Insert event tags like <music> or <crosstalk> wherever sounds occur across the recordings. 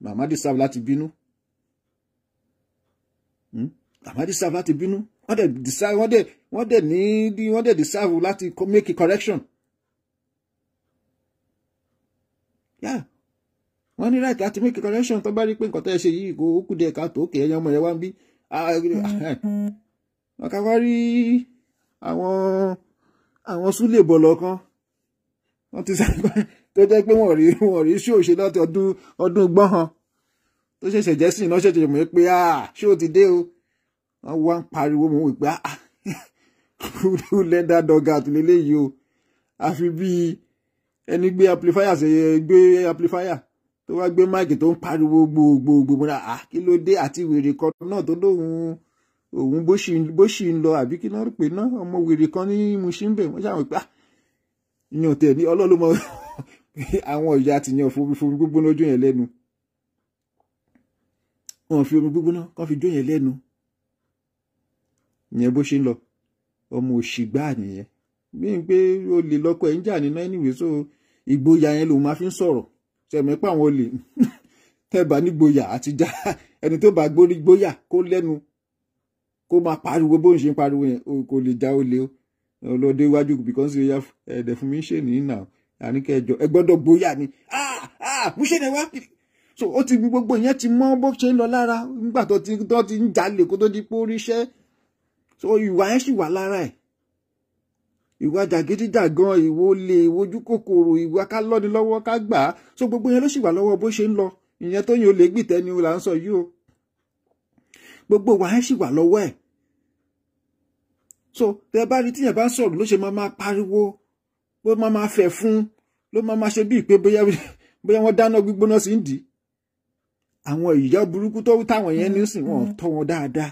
màmá deserve láti bínú hmm? màmá deserve láti bínú wọ́n dẹ̀ deserve wọ́n dẹ̀ wọ́n dẹ̀ ní wọ́n dẹ̀ deserve láti make a correction. Yeah wọ́n ní láti láti make a correction tó bá rí pé nǹkan tẹ́ ẹ ṣe yìí kò kú díẹ̀ ká tó kèèyàn ọmọ yẹn wá ń bí. wọ́n ká wá rí àwọn àwọn súlè bọ̀lọ̀ kan wọ́n ti sáré <laughs> tó jẹ́ pé wọ́n rí wọ́n rí ṣó ṣe láti ọdún ọdún gbọ́hàn tó ṣẹ̀ṣẹ̀ jẹ́ sí iná ṣẹ̀ṣẹ̀ mọ̀ pé ṣó ah, ti dé o wọ́n wá ń pariwo mọ̀ wípé ah, lẹ́dà dọ́gà àtìlélẹ́ yìí o àfi bíi ẹni gbé amplifier ṣe gbé amplifier tó wá gbé máìkì tó ń pariwo gbogbogbò mọ́ra ah, kí ló dé àti wèrè kan náà tó lóun òun bó ṣì ń lọ àbí kí náà rò pé náà ọmọ wèrè kan ní musimbe wọ́n ṣàwọn pé ah ìyàn tẹ̀ ní ọlọ́lọ́mọ <laughs> àwọn ìyá ti yan fomi fomi gbígbóná jó yẹn lẹ́nu wọn fi omi gbígbóná kán fi jó yẹn lẹ́nu ìyẹn bó ṣe ń lọ ọmọ òṣì gbáà nìyẹn bí n pé olè lọ́kọ ẹ̀ ń jà nínú anyway so ìgboyà yẹn lòun máa fi ń sọ̀rọ̀ sẹ̀mí pa àwọn olè <laughs> tẹ́bà nígboyà àti já <laughs> ẹni tó bá gbórí gbóyà kó lẹ́nu kó máa pariwo bó ń ṣe ń pariwo yẹn kò lè já olè o lọ́dọ̀ iwájú because ẹ̀ẹ́dẹ̀ fún mi ń ṣe nìyí náà àníkẹjọ ẹ gbọ́dọ̀ gbóyà ni ah ah wíṣẹ wá so ó ti gbogbo ìyẹn ti mọ bó ṣe ń lọ lára nígbà tó ti tó ti ń jalè kó tó di pé ó so ìwà yẹn sì wà lára ẹ̀ ìwà jàgídíjàgan ìwò lè wojú kòkòrò ìwà ká lọ́ni lọ́wọ́ ká gbà á so gbogbo yẹn ló sì wà lọ́wọ́ bó ṣe ń lọ ìyẹn tó yìn ó lè gbìtẹ́ ni là ń sọ yìí o gbogbo ìwà yẹn sì wà lọ́wọ́ ẹ̀ so tẹ bá rí tíyẹn bá sọ̀rọ̀ ló ṣe máa máa pariwo bó máa máa fẹ̀ fún ló máa máa ṣe bíi pé bóyá bóyá wọ́n dáná gbígbóná sí ń dì í àwọn ìyá burúkú tó táwọn yẹn ní sìn wọ́n mm-hmm. tọ́ wọn dáadáa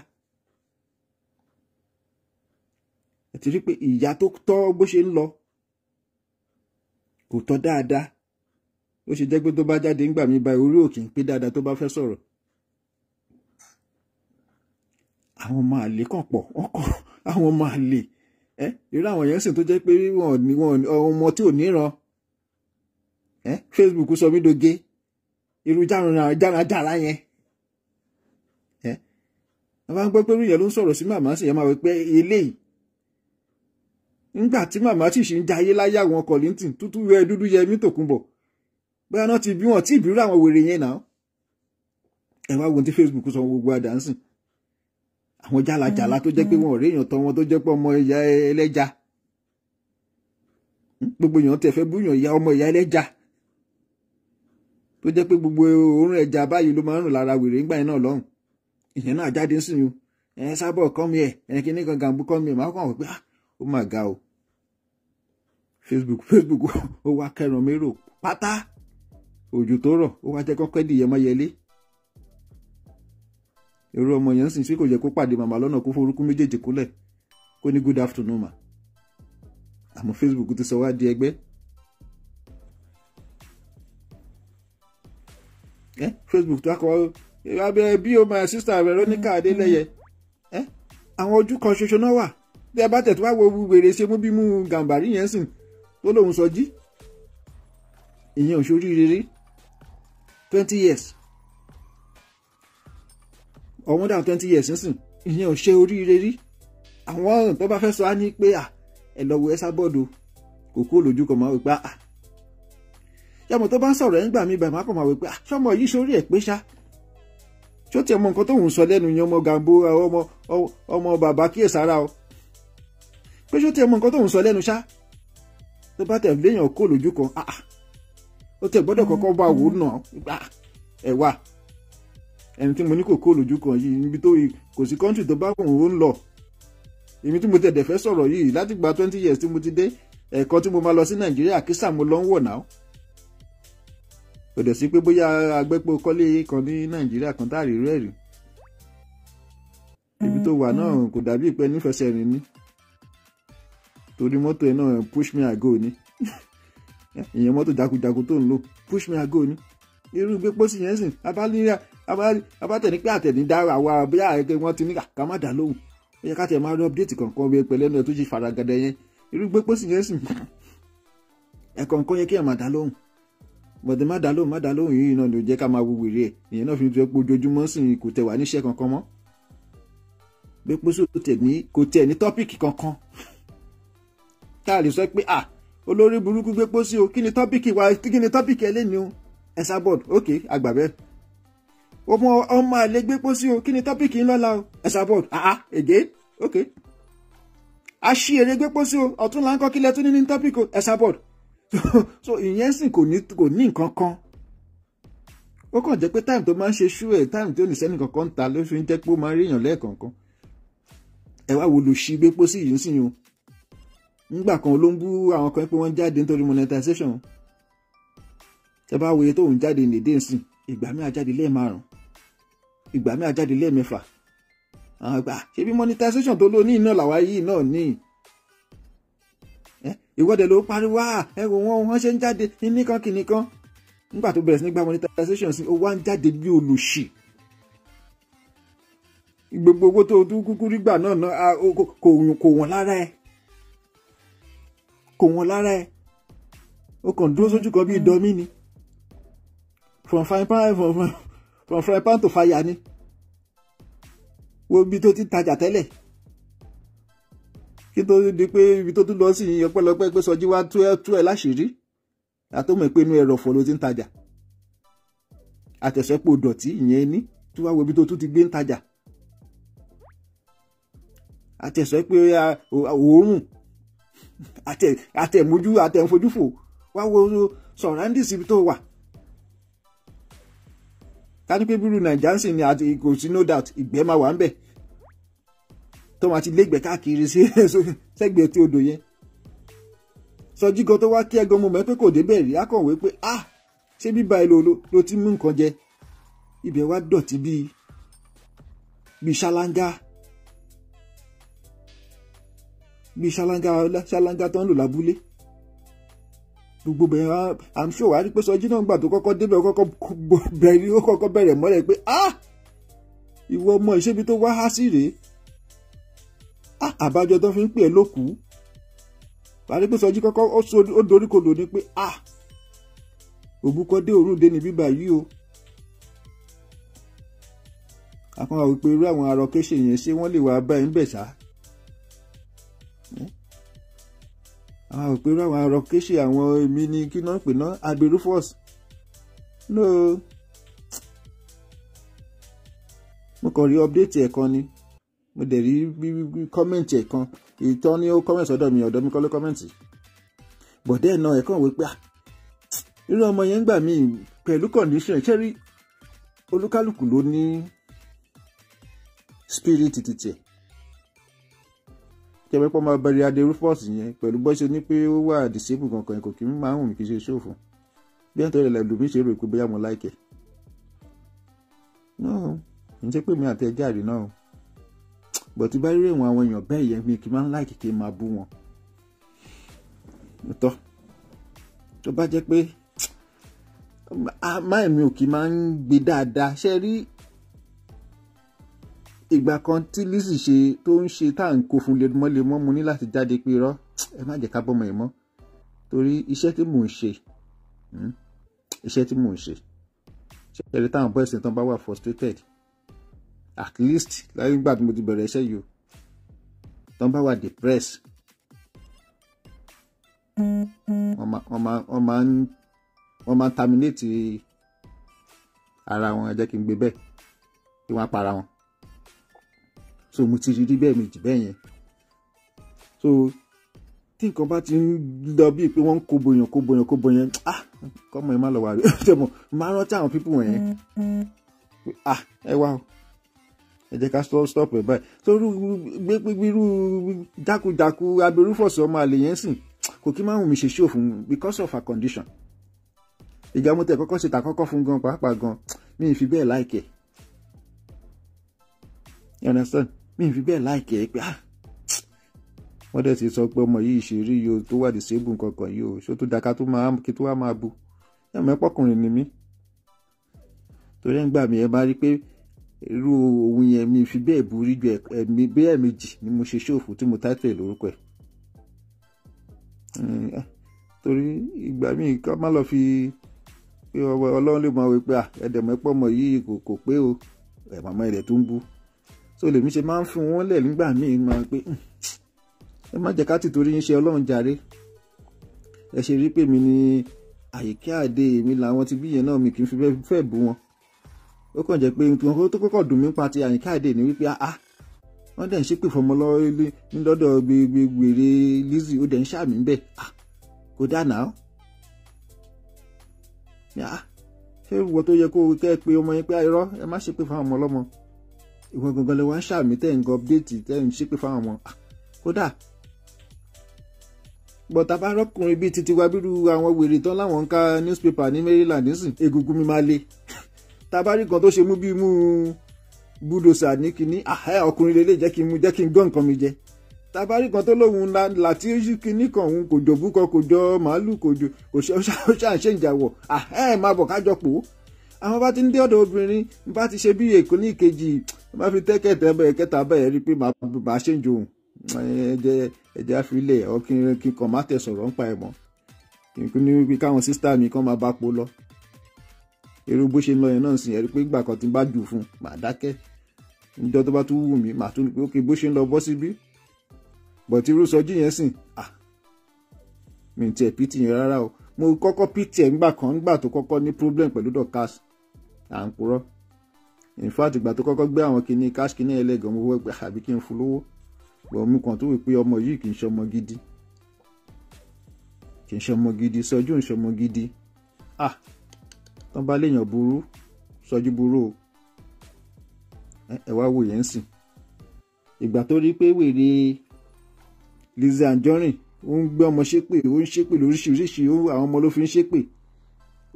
ẹ ti rí pé ìyá tó tọ́ bó ṣe ń lọ kò tọ́ dáadáa ó ṣe jẹ́ pé tó bá jáde ńgbà mi báyìí orí òkè pé dáadáa tó bá fẹ́ sọ̀rọ̀ àwọn ọmọ àlè kàn pọ̀ wọ́n àwọn ọmọ àlè irú àwọn èèyàn sì tó jẹ́ pé wọn ni wọn ọmọ tí ò níran Facebook sọ mí doge irú járajàra yẹn wọ́n bá ń gbọ́ pé irú yẹn ló ń sọ̀rọ̀ sí màmá sì yẹn máa wí pé eléyìí nígbà tí màmá sì ṣì ń jayé láyé àwọn Kollington tútù wẹ dúdú yẹ mí tòkunbọ̀ bóyá náà ti bí wọn tí ìbírú àwọn wèrè yẹn náà ẹ wá wo ti Facebook sọ gbogbo àdánsìn àwọn jálajàla tó jẹ́ pé mm-hmm. wọn ò réèyàn tán wọn tó jẹ́ pé ọmọ ìyá ẹlẹ́ja hmm, gbogbo èèyàn tẹ̀ fẹ́ búyàn ìyá ọmọ ìyá ẹlẹ́ja tó jẹ́ pé gbogbo òórùn ẹja báyìí ló máa ń rùn lára wèrè ńgbà yẹn náà lọ́hùn ìyẹn náà jáde ń sìn o ẹ sábọ̀ kọ́mi ẹ̀ ẹ kíní kan gàǹbù kọ́mi ẹ̀ máa kàn wọ́n pé ah, ó mà ga o Facebook Facebook <laughs> ó wá kẹrànmérò pátá òjò tó rọ̀ ó wá jẹ́ kọ́kẹ́ dìyẹ mọ́ yẹlé irú ọmọ yẹn ń sìn sí kò yẹ kó pàdé màmá lọ́nà kó forúkú méjèèjì kúlẹ̀ kó ní good afternoon ma àmọ́ Facebook ti sọ wá di ẹgbẹ́ ẹ Facebook tó akọ abẹ bí o my sister Veronica Adeleye ẹ àwọn ojú kan ṣoṣo náà wà bí ẹ bá tẹ̀ tó wá wo wèrè ṣe mú bí mú gàǹbàrí yẹn sìn tó lòun sọ jí ìyẹn ò ṣoríire rí twenty years ọmọ dàn twenty years nísìn ìyẹn ò ṣe oríire rí àwọn ọ̀ràn tó bá fẹ́ sọ á ní pé à ẹ lọ wo ẹ sábọ́ọ̀dù kò kúrò lójú kan máa wò pé à yàmọ̀ tó bá ń sọ̀rọ̀ ẹ̀ ń gbà mí bàmí àpọ̀ máa wò pé à sọmọ yìí sórí ẹ̀ pé ṣá ṣó tiẹ̀ mọ nǹkan tóun sọ lẹ́nu yẹn ọmọ gambo ọmọ ọmọ bàbá kíyèsára o pé ṣó tiẹ̀ mọ nǹkan tóun sọ lẹ́nu ṣá tó bá tẹ̀ léèyàn kó lójú kan ó tẹ̀ gbọ́dọ̀ kọ́kọ́ bá wò ó nà ẹ̀ wà ẹni tí mo ní kò kó lójú kan yìí níbi tó kò sí kọ́ńtì tó bá kùn ó ń lọ èmi tí mo tẹ̀ dẹ̀fẹ́ sọ̀rọ̀ yìí láti gba twenty years tí mo ti dé ẹ̀kọ́ tí mo máa lọ sí nàìjíríà kí sàmú lọ ń wọ̀ náà kò dẹ̀ sí pé bóyá agbẹ́pọ̀ kọ́lé kan ní nàìjíríà kan táàrí rẹ̀ rí ibi tó wà náà mm-hmm. kò dàbí ìpẹ́ nífẹsẹ̀ rìn ni torí mọ́tò ẹ̀ náà push me ago ni <laughs> ìyẹn mọ́tò jagunjagun tó ń lò push me ago ni irú gbé pósí yẹn sìn abálíyà abátẹni pé àtẹni dára wa bí àgẹ wọn ti ní ká má dá lóhùn ó yẹ ká tẹ máa rí update kankan bí pẹ̀lẹ́ náà tó ṣe faragada yẹn irú gbé pósì yẹn sì ẹ̀kọ́ nǹkan yẹ kí ẹ̀ máa dá lóhùn bọ̀dẹ̀ má dá lóhùn má dá lóhùn yìí náà ló jẹ́ ká máa wo wèrè ẹ̀ ìyẹn náà fi ń tọ́ pé ojoojúmọ́ sì kò tẹ̀ wá níṣẹ́ kankan mọ́ gbé pósì kò tẹ̀ ní tọ́pìkì kankan tá a lè sọ pé ah olórí burúkú gbé pósí o kí ni tọ́pìkì wa kí ni tọ́pìkì ẹ lé ní o ẹ sábọ̀d ok àgbà bẹ́ẹ̀ ọmọ ọmọ àlè gbé pósí o kí ni tọ́pìkì ńlọ́la o ẹ̀sà bọ́ọ̀d àá èdè ok aṣí èrè gbé pósí o ọ̀tún là ń kọ́ kí lẹ́tún ní tọ́pìkì o ẹ̀sà bọ́ọ̀d <laughs> so ìyẹn sì kò ní kò ní nǹkan kan ó kàn jẹ́ pé táìmù tó máa ń ṣe ṣú ẹ̀ táìmù tó nìṣẹ́ nìkan kan ń ta ló fi ń jẹ́ pé ó máa ń ríyàn lẹ́ẹ̀kọ̀ọ̀kan ẹ wá wo lò ṣí gbé pósí yìí ń sìn o nígbà kan ló ń bú àwọn kan pé wọ́n jáde nítorí monetization tẹ bá wo tóun jáde nìdé nsìn ìgbà mi àjáde lẹ́ẹ̀ ìgbà mi àjáde lẹ́ẹ̀mẹ́fà àwọn àgbà ṣe bí monetization tó lò ní iná làwa yìí náà ní ìwọ́de ló pariwo ẹ wò wọ́n wọ́n ṣe ń jáde nìkan kìnìkan nígbà tó bẹ̀rẹ̀ sí ní gba monetization sí ó wá ń jáde bí olùṣì gbogbo owó tó tún kúkú rí gbà náà náà kò wọ́n lára ẹ kò wọ́n lára ẹ ó kàn dúró sójú kan bí ìdọ́mí ni from five pound from five from fry pan to fire ni wo ibi tó ti tajà tẹ́lẹ̀ kí tó di pé ibi tó tún lọ sí yìnyín ọpẹ́lọpẹ́ pé sọjí wá tú ẹ tú ẹ láṣìírí àtọmọ pé inú ẹrọ ọ̀fọ̀ ló ti ń tajà àtẹ̀sẹ́pọ̀ dọ̀tí ìyẹn ní tí wàá wo ibi tó tún ti gbé ń tajà àtẹ̀sẹ́ pé òórùn àtẹ̀mójú àtẹ̀fojúfò wá wo surroundings ibi tó wà kájú pé bírú nàìjà ń sìn ni àti kò sí no doubt ìgbẹ́ máa wà ń bẹ̀ tó máa ti légbẹ̀ẹ́ káàkiri sí <laughs> sẹ́gbẹ̀ẹ́ tí odò yẹn sọjí kan tó wá kí ẹgan mo mọ̀ kò débẹ̀ rí akọ̀wé pé ah ṣé bíbá ẹ ló ti mú nǹkan jẹ ibẹ̀ wá dọ̀tí bíi bíi ṣáláńgá bíi ṣáláńgá ṣáláńgá tó ń lò lábúlé gbogbo bẹ̀rẹ̀ i'm sure wàá rí pé sọjí náà gbà tó kọ́kọ́ débẹ̀ ó kọ́kọ́ bẹ̀rẹ̀ ó kọ́kọ́ bẹ̀rẹ̀ mọ́lẹ̀ pé ah ìwọ ọmọ ìṣebi tó wá há sí rèé ah àbájọ tó fi ń pè é lókù wàá rí pé sọjí kọ́kọ́ ó doríkodò ni pé ah òbúkọ́dé òrùndé ni bíbá yìí o àkànwá wípé irú àwọn arọkẹ́ṣe yẹn ṣé wọ́n lè wàá bá ẹ̀ ń bẹ̀ ṣá. Hmm? àwọn òpèrò àwọn arọkéṣì àwọn èmi ni kí náà pè náà aberufus no mo kàn rí update ẹ̀ kan ni mo dẹ̀ rí kọ́mẹ̀ntì ẹ̀ kan ìtọ́ ni ó kọ́mẹ̀ntì ọ̀dọ̀ mi ọ̀dọ̀ mi kọ́ ló kọ́mẹ̀ntì bọ̀dẹ́ náà ẹ̀ kàn wí pé ah, irú ọmọ yẹn ń gbà mí pẹ̀lú condition ṣé rí olúkálùkù ló ní spirit titi ẹ̀ kẹ́mẹ́pọ́ máa bẹ̀rẹ̀ adé rufus yẹn pẹ̀lú bọ́ṣe ní pé ó wà dìsébù kankan ẹ̀kọ́ kì í máa ń hùn kì í ṣe ṣòfò bí ẹ̀ńtọ́ rẹ̀ lẹ́dùn mí ṣe rò pé bóyá mo láìkẹ̀. náà n ṣe pé mi àti ẹja rí náà bọ̀tí bá rí ìwọ̀n àwọn èèyàn bẹ́ẹ̀ yẹn mi kì í máa ń láìkì kí n máa bú wọn. tọ́ tó bá jẹ́ pé ah, máìmí ò kì í máa ń gbé dáadáa ṣe rí ìgbà kan tí Lizzy ṣe tó ń ṣe tá à ń kó fún lemọ́lemọ́ mo ní láti jáde pé irọ́ ẹ má jẹ́ ká bọ́mọ ẹ̀ mọ́ torí iṣẹ́ tí mò ń ṣe hmm, iṣẹ́ tí mò ń ṣe ṣẹlẹ̀ táwọn boys tán bá wà frustrated at least láyé nígbà tí mo ti bẹ̀rẹ̀ iṣẹ́ yìí tán bá wà depressed wọ́n máa ń wọ́n máa ń terminate ara wọn ẹ jẹ́ kí n gbé bẹ́ẹ̀ kí wọ́n á para wọn so mo ti rí rí bẹ́ẹ̀ méjì bẹ́ẹ̀ yẹn so tí nǹkan bá ti ń lọ bíi pé wọ́n ń kobo yàn kobo yàn kobo yẹn ah kọ́mọ ẹ má lọ wà rí <laughs> ṣe mo máa rántí àwọn pípù wọ̀nyẹn mm, mm. ah ẹ wá o ẹ jẹ́ ká stop ẹ̀ báyìí torí gbégbérú dákúdákú abirúfọ̀sọ ọmọ àlè yẹn sìn kò kí máa hùn mí ṣe ṣó fún un because of her condition ìgbà mo tẹ̀ kọ́kọ́ ṣe tà kọ́kọ́ fún gan pàápàá gan mi ì fi bẹ́ẹ̀ láìkẹ́ you understand mi ì fi bẹ́ẹ̀ láìkẹ́ ẹ pé ah wọ́n dẹ̀ ti sọ pé ọmọ yìí ṣe rí yo tó wà disabled kankan yìí o ṣó tó daka tó máa kí tó wá máa bu ẹ̀mọ́ ẹ̀pọ̀kùnrin ni mí torí ẹ̀ ń gbà mí ẹ bá rí pé irú ohun yẹn mi fi bẹ́ẹ̀ burú ju ẹ̀mí bẹ́ẹ̀ méjì ni mo ṣe ṣòfò tí mo táìtẹ̀ lórúkọ ẹ̀ hmm, eh, torí ìgbà míì ká má lọ fi ọlọ́run lè mọ̀ wípé ah, ẹ̀dẹ̀mọ́ ẹ̀pọ̀ ọmọ yìí kò pé o ẹ̀ màmá ẹ̀dẹ̀ tó ń bú so lèmi ṣe máa ń fún wọn lẹ̀ nígbà míì máa pé hmm, ẹ má jẹ́ ká ti torí yín ṣe ọlọ́run jàre ẹ ṣe rí pé mi ni àyíké àdé mi làwọn ti bí yẹn náà mi kì í fi fẹ́ bú wọn ó kàn jẹ́ pé nǹkan tó kọ́kọ́ dùn mí pa ti àyíké àdé ni wípé ah, ah wọ́n dẹ̀ ń ṣépè fọmọ lọ́ọ́lẹ́ nílọ́dọ̀ gbèrè Lizzy ó dẹ̀ ń ṣàmì ń bẹ̀ ah kò dáná ó ah, ṣé ìwọ tó yẹ kó kẹ́ ẹ pé ọmọ yẹn pé ah, irọ́ ẹ má ṣépè fún àwọn ọmọ ọlọ́mọ ìwọ gangan lè wá ń ṣàmì tẹ́ ń gọ update tẹ́ ń ṣépè fáwọn ọmọ ah, kódà bọ̀tà bá rọ́kùnrin bíi titiwa bírú àwọn wèrè tán láwọn ń ka newspaper ní Maryland nísìn egungun mi máa le tabari kan tó ṣe mú bíi mú budosa ní kínní àhẹ́ ah, ọkùnrin lè lè jẹ́ kí n mú jẹ́ kí n gán nǹkan mi jẹ tabari kan tó lóun láti oṣù kínní kan òun kò jọ búkọ kò jọ màálù kò jọ kò ṣàǹṣe ìjàwọ̀ àhẹ́ ah, máa bọ̀ kájọ pò ó àwọn bá ti ń dé ọ̀dọ̀ obìnrin bá ti ṣe bí èkó ní ìkejì má fi tẹ́kẹ̀tẹ́ bẹ́ẹ̀ kẹta bẹ́ẹ̀ rí pé màá ṣe ń jò ẹ̀jẹ̀ ẹ̀jẹ̀ àfilẹ̀ ọkùnrin kíkan má tẹ̀ sọ̀rọ̀ ń pa ẹ̀ mọ́ kíkún ní wípé káwọn sísítà mi kàn máa bá po lọ èrò bó ṣe lọ yẹn náà sì ẹ̀rí pé ìgbà kan ti bá jù fún màá dákẹ́ níjọ́ tó bá tún wù mí màá tún ní pé ókè bó ṣe ń lọ bọ́ síbí bọ̀tí irú sọjí yẹn sìn ah mi ò tiẹ̀ pìtì yẹn rárá o mo kọ́kọ́ pìtì ẹ̀ ńgbà kan ńgbà tó kọ́kọ́ ní problem pẹ̀lú dorcas à ń purọ́ in fact ìgbà tó kọ́kọ́ gbé àwọn kinní cash kinní ẹlẹ́gàn mo wọ́n pé àbí kí n fún lówó bọ̀ mú kàn tó wí pé ọmọ yìí kì í ṣe ọmọ gidi kì í ṣe ọmọ gidi sọjú ń ṣe ọmọ gidi ah tán bá léèyàn burú sọjú burú o ẹ wá wò yẹn sìn ìgbà tó rí pé wèrè Lizzy Anjorin ó ń gbé ọmọ ṣépè ó ń ṣépè lóríṣiríṣi àwọn ọmọ ló fi ń ṣépè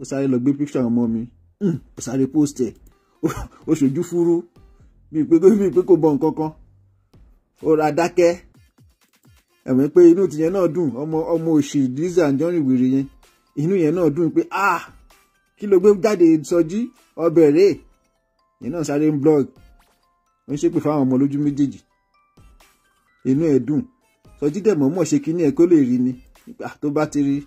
ó sáré lọ gbé píkṣà ọmọ mi ó hmm, sáré post ẹ̀ <laughs> ó ṣojú fúrú bíi pé bíi pé kò bọ nǹkan kan ó ra dákẹ́ ẹ̀mí pé inú tìyẹn náà dùn ọmọ ọmọ òṣì Lizzy Anjorin wèrè yẹn inú yẹn náà dùn pé ah kí ló gbé jáde sọjí ọbẹ̀ rèé yẹn náà sáré ń blog ó ń ṣépè fáwọn ọmọ lójú méjèèjì inú ẹ̀ dùn sọjí dẹ̀ mọ̀ọ́mọ̀ ṣe kínní ẹ̀ kó lè rí ni tó bá ti rí i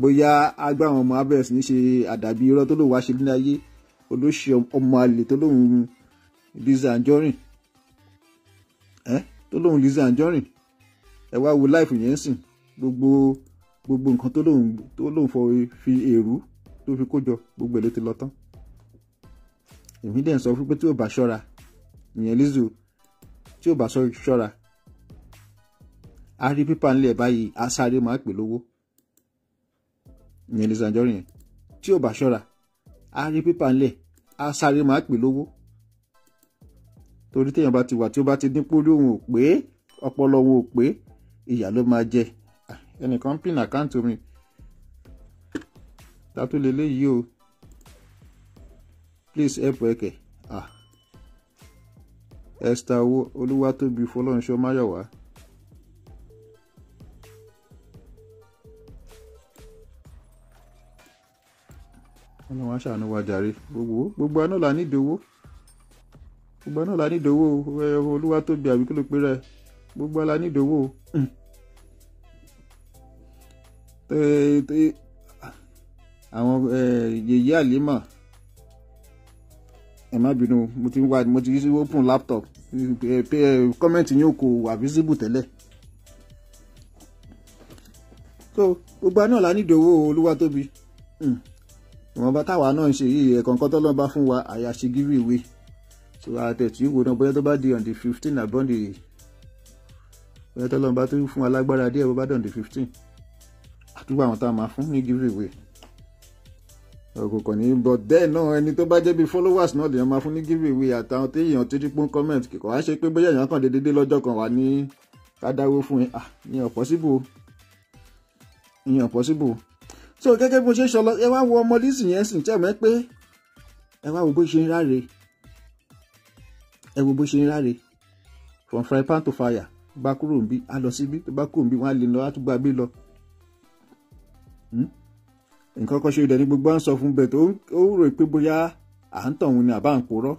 bóyá agbá àwọn ọmọ abẹ́rẹ́ sí ní ṣe àdàbí irọ́ tó lòun wá ṣe nílé ayé olóṣì ọmọ àlè tó lòun Lizzy Anjorin ẹ tó lòun Lizzy Anjorin ẹ wá wo láìfù yẹn sìn gbogbo gbogbo nǹkan tó lòun tó lòun fọ fi èrú tó fi kó jọ gbogbo ẹ̀ ló ti lọ tán èmi dẹ̀ ń sọ pé tí ò bá ṣọ́ra ìyẹn Lizzy tí ò bá ṣọ́ra a rí pípa ńlẹ̀ báyìí a sáré máa pè lówó ìyẹn Lizzy Anjorin yẹn tí ò bá ṣọ́ra a rí pépà ńlẹ̀ á sáré máa pè lówó torí téèyàn bá ti wà tí ó bá ti dín pórí òun ò pé ọpọlọ òun ò pé ìyà ló máa jẹ ẹnìkan pin àkáǹtì mi tátó leléyìí o please help ẹkẹ ah Esther olúwatóbi fọlọ́runṣọ́ máyọ̀wá ọ̀nà wa ṣàánú wa jàre gbogbo gbogbo aná la nídìí owó gbogbo aná la nídìí owó olúwa tóbi àbí kí ló pé rẹ gbogbo la nídìí owó àwọn yèyé àlímà ẹ má bínú mo ti wá mo ti rí open laptop kọ́mẹ́ǹtì yín kò wà visible tẹ́lẹ̀ so gbogbo aná la nídìí owó olúwa tóbi. Mm ìwọ̀nba táwa náà ń ṣe yìí ẹ̀kọ́ nǹkan tó lọ́n bá fún wa àyàṣe give away so àtẹ̀tù yìí wò náà bóyá tó bá di on fifteen àbọ̀n the bóyá tó bá tó fún wa lágbára díẹ̀ bó bá di on fifteen àtúbọ̀ àwọn tá a máa fún ní give away ọ̀gùnkàn ní but then náà ẹni tó bá jẹ́ bí followers náà lèèyàn máa fún ní give away àtàwọn téèyàn títí pọ́n comment kìkọ́ wá ṣe pé bóyá so gẹ́gẹ́ bó ṣe sọ lọ ẹ wá wo ọmọ Lizzy yẹn sìn tẹ́ mọ̀ pé ẹ wá wo bó ṣe ń ráre ẹ wo bó ṣe ń ráre from fry pan to fire bá kúrò ń bí a lọ síbí tó bá kúrò ń bí wọn á lè lọ á tún gba gbé lọ hmm? nǹkan kan ṣe ìdẹni gbogbo à ń sọ fún bẹ́ẹ̀ tó ó rò pé bóyá à ń tàn òun ni àbá ń purọ́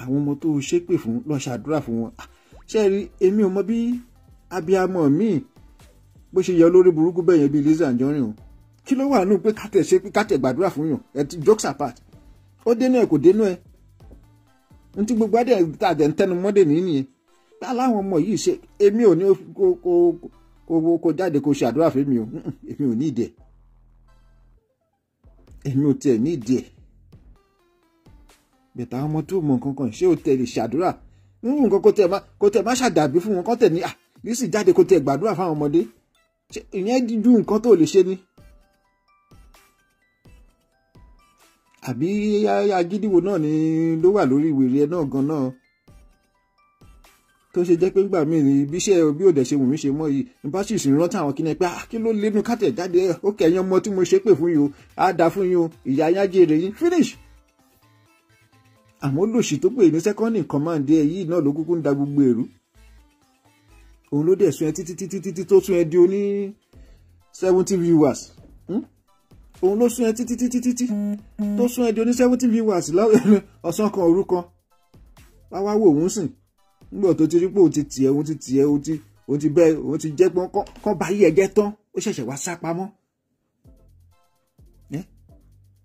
àwọn ọmọ tó ṣépè fún lọ ṣàdúrà fún wọn ah, ṣe rí èmi ò bí abiyamọ míì bó ṣe yọ lórí burúkú bẹ́ẹ̀ yẹn bíi Lizzy Anjorin o kí ló wà nù pé kátẹ ṣe pé kátẹ gbàdúrà fún yàn ẹ ti jokes apart ó dénú ẹ kò dénú ẹ n tí gbogbo adé tá a dẹ̀ ń tẹnu mọ́dé ní nìyẹn pé aláwọn ọmọ yìí ṣe èmi ò ní kó jáde kó ṣe àdúrà fún mi o èmi ò ní ìdí ẹ èmi ò tiẹ̀ ní ìdí ẹ bẹ̀tà ọmọ tó mọ nǹkan kan ṣé o tẹ̀ lè ṣàdúrà nínú nǹkan kó tẹ̀ má kó tẹ̀ má ṣàdàbí fún wọn kó tẹ̀ ní à ah, yìí sì jáde kó tẹ̀ gbàdúrà fáwọn ọmọdé ìyẹn ju nǹkan tó lè ṣe ni. àbí agídíwò náà ni ló wà lórí wèrè ẹ náà gan náà tó ṣe jẹ́ pé gbà mí ni bí iṣẹ́ bí òde ṣe wù mí ṣe mọ́ yìí ní bá sì sì rántí àwọn kìnìún pé ah, kí ló lẹ́nu kàtẹ̀ jáde ẹ̀ ó kẹ̀yìn ọmọ tí mo ṣe pè fún yìí o á da fún yìí o ìyá yá jèrè yín finish. àmọ́ lòṣì tó pè ní second in command ẹ̀ yìí náà ló kúkú ń da gbogbo èrú. òun ló dẹ̀ sun ẹ títí títí títí tó sun ẹ di oní seventy viewers. Hmm? òun ló sún ẹ títí títí títí tó sún ẹ di oní seventy viewers <laughs> ọ̀sán kan òru kan wá wá wò òun sìn nígbà tó ti rí pé òun ti tiẹ̀ òun ti tiẹ̀ òun ti òun ti bẹ́ẹ̀ òun ti jẹ́ pọ́n kán bá yí ẹ̀jẹ̀ tán ó ṣẹ̀ṣẹ̀ wá sá pamọ́.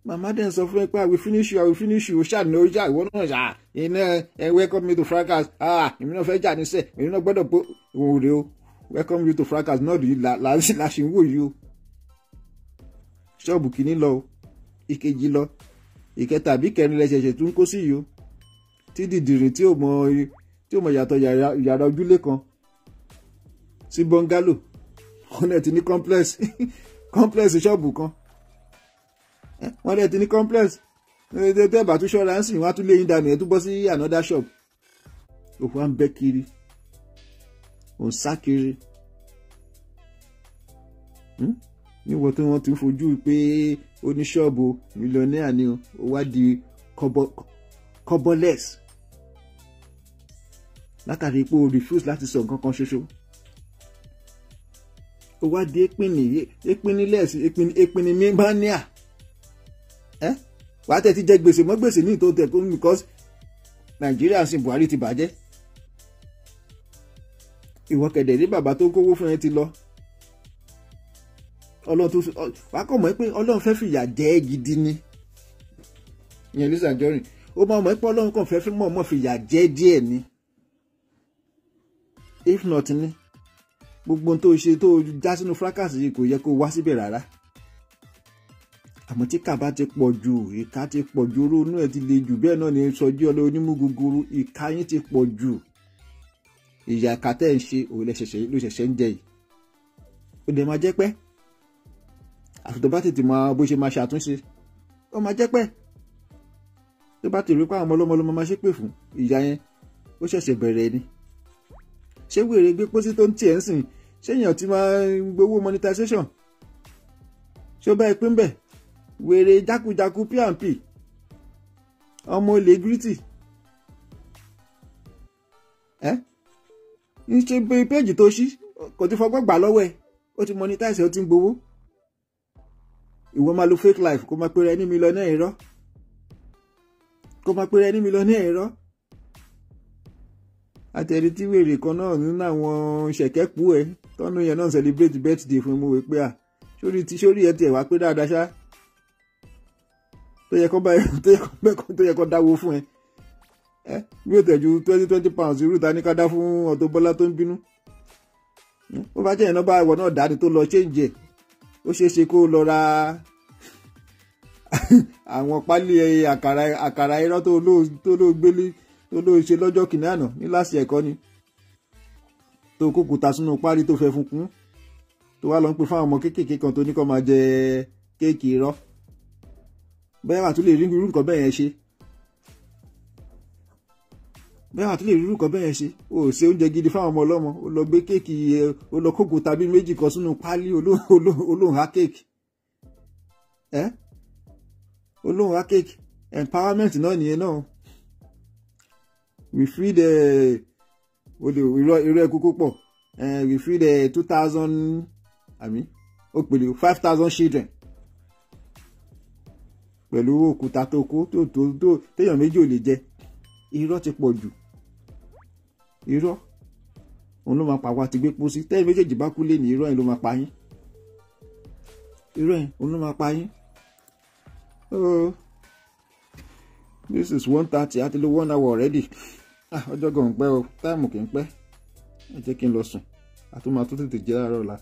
màmá dẹ́n sọ fún ẹ pé I will finish you I will finish you ṣáà ní orí jà ìwọ náà ṣáà iná ẹ welcome me to fracas ah èmi náà fẹ́ jà níṣẹ́ èmi náà gbọ́dọ̀ pé òun rèé o welcome you to fracas náà rí làṣìwò yìí o ṣọ́ọ̀bù kìíní lọ o ìkejì lọ ìkẹta àbí kẹrin lẹ́sẹ̀ẹ̀sẹ̀ tó ń kó sí yìí o tí dìdìrín tí ò mọ tí ò mọ yàtọ̀ yàrá ojúlé kan sí bọ́ngálò wọ́n dẹ̀ ti ní complex <laughs> complex ṣọ́ọ̀bù kan wọ́n dẹ̀ ti ní complex tẹ́ bá ṣọ́ra ń sìn wọ́n á tún lé yín dànù ẹ̀ tún bọ́ sí another shop òkú à ń bẹ́ kiri ò sá kiri. Hmm? níwọ tí wọ́n ti fojú pé oníṣọ́ọ̀bù mílíọ̀nẹ́à ni ó wá di kọ́bọ́lẹ́s látàrí pé o refuse láti sọ nǹkan kan ṣoṣo ó wá di épinni épinni lẹ́ẹ̀sì épinni épinni mímánìà ẹ́ wàá tẹ̀ ti jẹ gbèsè mọ́ gbèsè ní ìtòtẹ̀ tó ń because nàìjíríà sin buhari ti bàjẹ́ ìwọ kẹ̀dẹ̀ ní bàbá tó kówó fún ẹ ti lọ ọlọ́run tó wàá kọ̀ mọ́ pé ọlọ́run fẹ́ fìyà jẹ́ ẹ́ gidi ni ìyẹn Lizzy Anjorin ó máa mọ̀ pé ọlọ́run kàn fẹ́ fi mọ̀ọ́mọ̀ fìyà jẹ́ díẹ̀ ni if not ni gbogbo ohun tó ṣe tó já sínú fracas yìí kò yẹ kó wá síbẹ̀ rárá àmọ́ tí kàbá ti pọ̀ jù ìka ti pọ̀ jù ronú ẹ̀ ti le jù bẹ́ẹ̀ náà ni sọjí ọlọ́ onímú gúgúrú ìka yín ti pọ̀ jù ìyà ìka tẹ́ ń ṣe òun ló ṣẹ̀ṣẹ̀ ń jẹ yìí ó lè máa jẹ́ pẹ́ àfi tó bá tètè mọ bó ṣe máa ṣàtúnṣe ó máa jẹ́ pẹ́ tó bá ti rí pé àwọn ọmọlọ́mọ ló máa ṣépè fún ìyá yẹn ó ṣẹ̀ṣẹ̀ bẹ̀rẹ̀ ni ṣé wèrè gbé pósí tó ń tiẹ̀ ń sìn ṣé èèyàn ti máa ń gbowó monetization ṣé ó bá ìpín bẹ̀ wèrè jákujáku pnp ọmọ olè gírítì ẹ ń ṣe péjì tó ṣí kò ti fọgbọ́n gbà lọ́wọ́ ẹ̀ ó ti monetize ó ti ń gbowó ìwọ máa lo fake life kó máa pèrè ẹni mílíọ̀nù irọ́ kó máa pèrè ẹni mílíọ̀nù irọ́ àtẹ̀rí tí wèrè kan náà nínú àwọn ṣẹ̀kẹ́pù ẹ̀ tọ́nu yẹn náà celebrate birthday fún mi wò pé à sórí ti sórí ẹ tiẹ̀ wá pé dáadáa ṣá tó yẹ kó bá <laughs> tó yẹ kó mẹ́kàn tó yẹ kó dáwó fún ẹ ẹ bí ó tẹ̀jú twenty twenty pounds irú ta ní ká dá fún Auto Bola tó ń bínú bó bá jẹ́ ìnáwó bá ìwọ náà dá ni tó lọ change ẹ̀ ó ṣeé ṣe kó lọ ra <laughs> àwọn pálí àkàrà àkàrà irọ́ tó ló gbélé tó ló ṣe lọ́jọ́ kìnìún àná níláàsì ẹ̀kọ́ ni tó kókòtà sínú párí tó fẹ́ fún kún tó wá lọ ń pè fún àwọn ọmọ kéékèèké kan tó ní kó máa jẹ kéèkì irọ́ bẹ́ẹ̀ wà tó lè rí irú nǹkan bẹ́ẹ̀ yẹn ṣe bẹ́ẹ̀ àti lè rí nǹkan bẹ́ẹ̀ ṣe o ṣe oúnjẹ gidi fáwọn ọmọ ọlọ́mọ o lọ gbé kéèkì o lọ kókò tàbí méjì kan sínú páálí olóhùn ha kéèkì ẹ olóhùn ha kéèkì empowerment náà nìyẹn náà we free the olè irọ́ ẹ̀kú púpọ̀ we free the two thousand àmì ó pèlè five thousand children pẹ̀lú òkúta tó kó tó tó téèyàn méjì ò lè jẹ irọ́ ti pọ̀ jù irọ́ òun ló máa pa àwa àti gbé pósí tẹ́yìn méjèèjì bá kú lé ní irọ́ yẹn ló máa pa yín irọ́ yẹn òun ló máa pa yín oh. this is one thirty àti lo one hour already ah ọjọ́ gan ń pẹ́ o táìmù kì í pẹ́ ẹ jẹ́ kí n lọ sùn àtúmọ̀ tó tètè jẹ́ láàárọ̀ la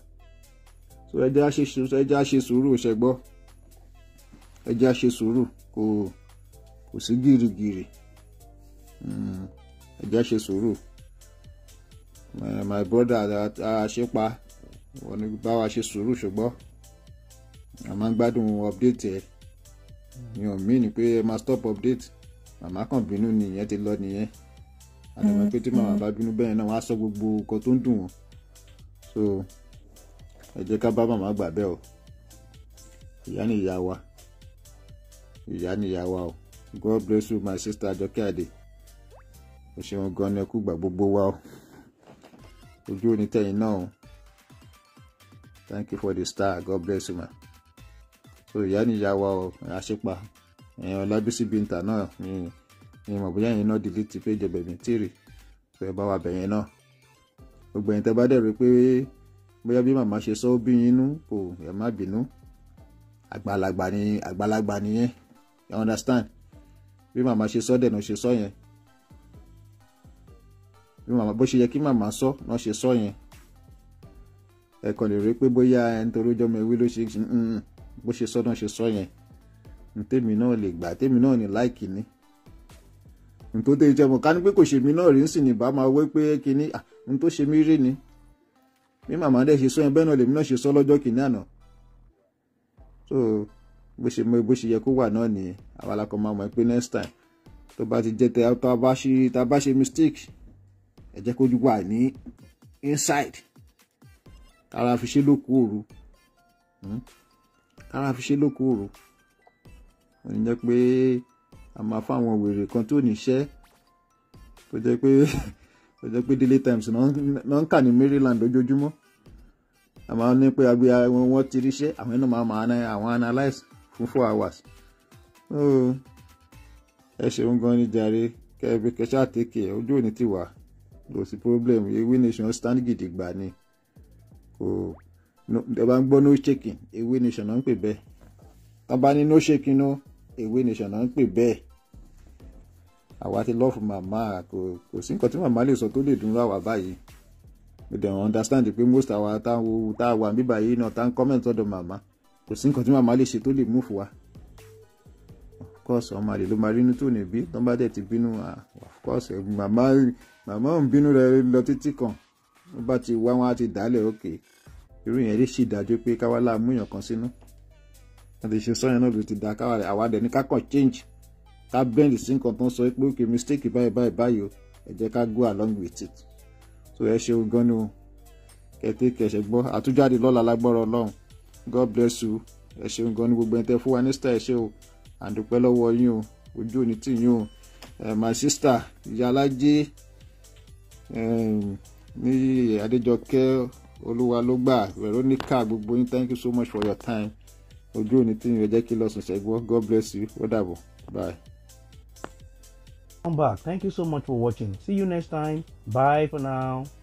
so ẹ jẹ́ á ṣe sùúrù ṣẹ́gbọ́ ẹ jẹ́ á ṣe sùúrù kò kò sí gìrìgìrì hmm. ẹ á ṣe sùúrù my, eh, my brother àṣepa wọn ni bá wa ṣe sùúrù ṣùgbọ́n a máa ń gbádùn update ẹ mi ò mí ni pé ẹ máa stop update màmá kàn bínú nìyẹn ti lọ nìyẹn àdàmọ́ pé tí màmá bá bínú bẹ́ẹ̀ náà wọ́n á sọ gbogbo nǹkan tó ń dùn wọ́n so ẹ jẹ́ ká bá màmá gbà bẹ́ẹ̀ o ìyá ni ìyá wa ìyá ni ìyá wa o God bless you my sister Àjọkẹ́ Adé o ṣeun gan ni ẹ kú gbà gbogbo wa o ojú ò ní tẹ̀yìn thank you for the star god bless you man. so ìyá nìyá wa o àṣepa ẹ̀yìn ọlábísí bínta náà ni ìmọ̀ bóyá yẹn náà delete page ẹ̀bẹ̀ mi tìrì fẹ́ bá wa bẹ̀yẹn náà gbogbo ẹ̀yìn tẹ́ bá dẹ̀ rí pé bóyá bí màmá ṣe sọ ó bí yín nú kò ẹ̀ má bínú àgbàlagbà ni àgbàlagbà nìyẹn you understand bí màmá ṣe sọ dẹ̀ náà ṣe sọ yẹn bí màmá bó ṣe yẹ kí màmá sọ náà ṣe sọ yẹn ẹ kàn lè rí pé bóyá ẹni tó lójọ́ mi wí ló ṣe bó ṣe sọ náà ṣe sọ yẹn tèmi náà lè gbà tèmi náà ní láìkì ní ntò tẹ ìjẹmọ ká ní pé kò ṣe mí náà rí nsìn ní bá máa wé pé kínní ah, n tó ṣe mí rí ni bí màmá dẹ ṣe sọ yẹn bẹ́ẹ̀ náà lèmi náà ṣe sọ lọ́jọ́ kìíní àná so bó ṣe mọ bó ṣe yẹ kó wà náà nìyẹn àwa la máa mọ̀ pé next time tó bá ti jẹ́ tẹ tá a bá ṣe mistake ẹ jẹ́ kójú wà ní inside kára fi ṣe lóko òru kára hmm? fi ṣe lóko òru wọ́n ní jẹ́ pé a máa fáwọn wèrè kan tó níṣẹ́ tó jẹ́ pé tó jẹ́ pé Daily Times náà ń kà ní Maryland lójoojúmọ́ a máa ní pé agbe àwọn wọn ti ríṣẹ́ àwọn náà máa máa àwọn analyse fún four hours oh, ẹ ṣeun gan ni jàre kẹ ẹ ṣáà tèkè ojú òní ti wà kò sí problem ewé nation stand gidigba ni kò ẹ bá ń gbọ́ no shaking ewé nation náà ń pè bẹ́ẹ̀ tán bá ní no shaking no ewé nation náà ń pè bẹ́ẹ̀ àwa ti lọ́ọ̀fù màmá kò kò sí nǹkan tí màmá lè sọ tó lè dùn láwa báyìí we dem understand pé most àwa táwọn owó tá a wà níbà yìí náà tá a ń comment ọ̀dọ̀ màmá kò sí nǹkan tí màmá lè ṣe tó lè mú fún wa of course ọmọ àlè ló máa rí inú tó ní bí tán bá dẹ̀ ti bínú ah, of course màmá màmá òun bínú rẹ̀ lọ títí kan wọ́n bá ti wá wọn á ti dálẹ̀ òkè irú yẹn lè ṣì dájú pé káwá láà mú èèyàn kan sínú wọ́n ti ṣe sọ́yìn náà ló ti da káwá àwádẹ́ ní kákàn change ká bend sí nǹkan tó ń sọ pé òkè mistake báyìí báyìí báyìí o ẹ jẹ́ ká go along with it so ẹ ṣeun gan ni o kẹtẹ kẹsẹ gbọ́ àtújáde lọ́la lágbọ́rọ̀ Ọlọ́run God bless you ẹ ṣeun gan ni gbogbo ẹni tẹ fún wa ní star ẹ ṣe o àdúpẹ́ lọ́wọ́ yín o ojú òní tì yín o eh, my sister ìyá alájẹ́ ní adéjọkẹ́ olúwalógbà veronica gbogbo yín thank you so much for your time ojú òní tí mi ò jẹ́ kí n lọ sùn ṣẹ́gbọ́ god bless you ó dàbọ̀ bye. come back thank you so much for watching see you next time bye for now.